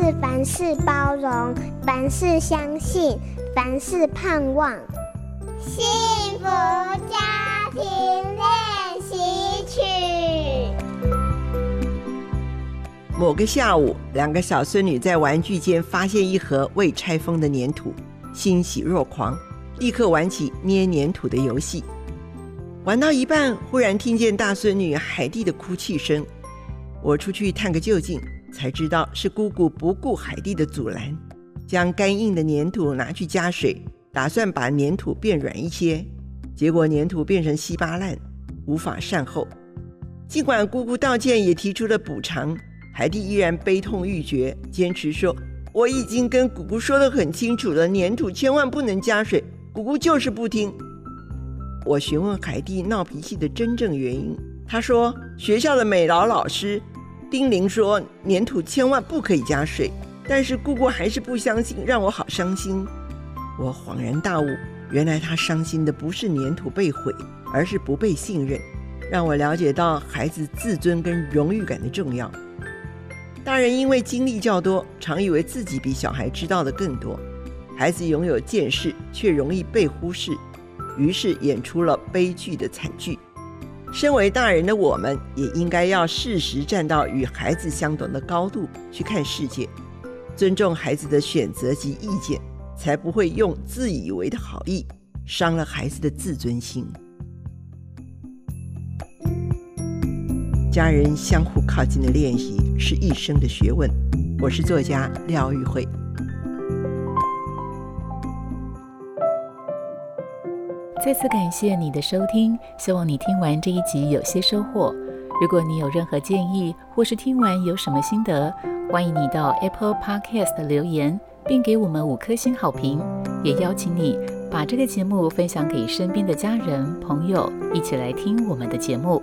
是凡事包容，凡事相信，凡事盼望。幸福家庭練習曲。某個下午，兩個小孫女在玩具間發現一盒未拆封的粘土，欣喜若狂，立刻玩起捏粘土的遊戲。玩到一半，忽然聽見大孫女海蒂的哭泣聲，我出去探個究竟。才知道是姑姑不顧海蒂的阻攔，將乾硬的粘土拿去加水，打算把粘土變軟一些。結果粘土變成稀巴爛，無法善後。儘管姑姑道歉，也提出了補償，海蒂依然悲痛欲絕，堅持說：“我已經跟姑姑說得很清楚了，粘土千萬不能加水，姑姑就是不聽。”我詢問海蒂鬧脾氣的真正原因，他說：“學校的美勞老，老師。”丁玲說：“粘土千萬不可以加水。”但是姑姑還是不相信，讓我好傷心。我恍然大悟，原來她傷心的不是粘土被毀，而是不被信任。讓我了解到孩子自尊跟榮譽感的重要。大人因為經歷較多，常以為自己比小孩知道的更多。孩子擁有見識，卻容易被忽視，於是演出了悲劇的慘劇。身為大人的我們，也應該要適時站到與孩子相同的高度去看世界，尊重孩子的選擇及意見，才不會用自以為的好意傷了孩子的自尊心。家人相互靠近的練習是一生的學問。我是作家廖玉蕙。再次感謝你的收聽，希望你聽完這一集有些收穫。如果你有任何建議，或是聽完有什麼心得，歡迎你到 Apple Podcast 留言，並給我們五顆星好評。也邀請你把這個節目分享給身邊的家人朋友，一起來聽我們的節目。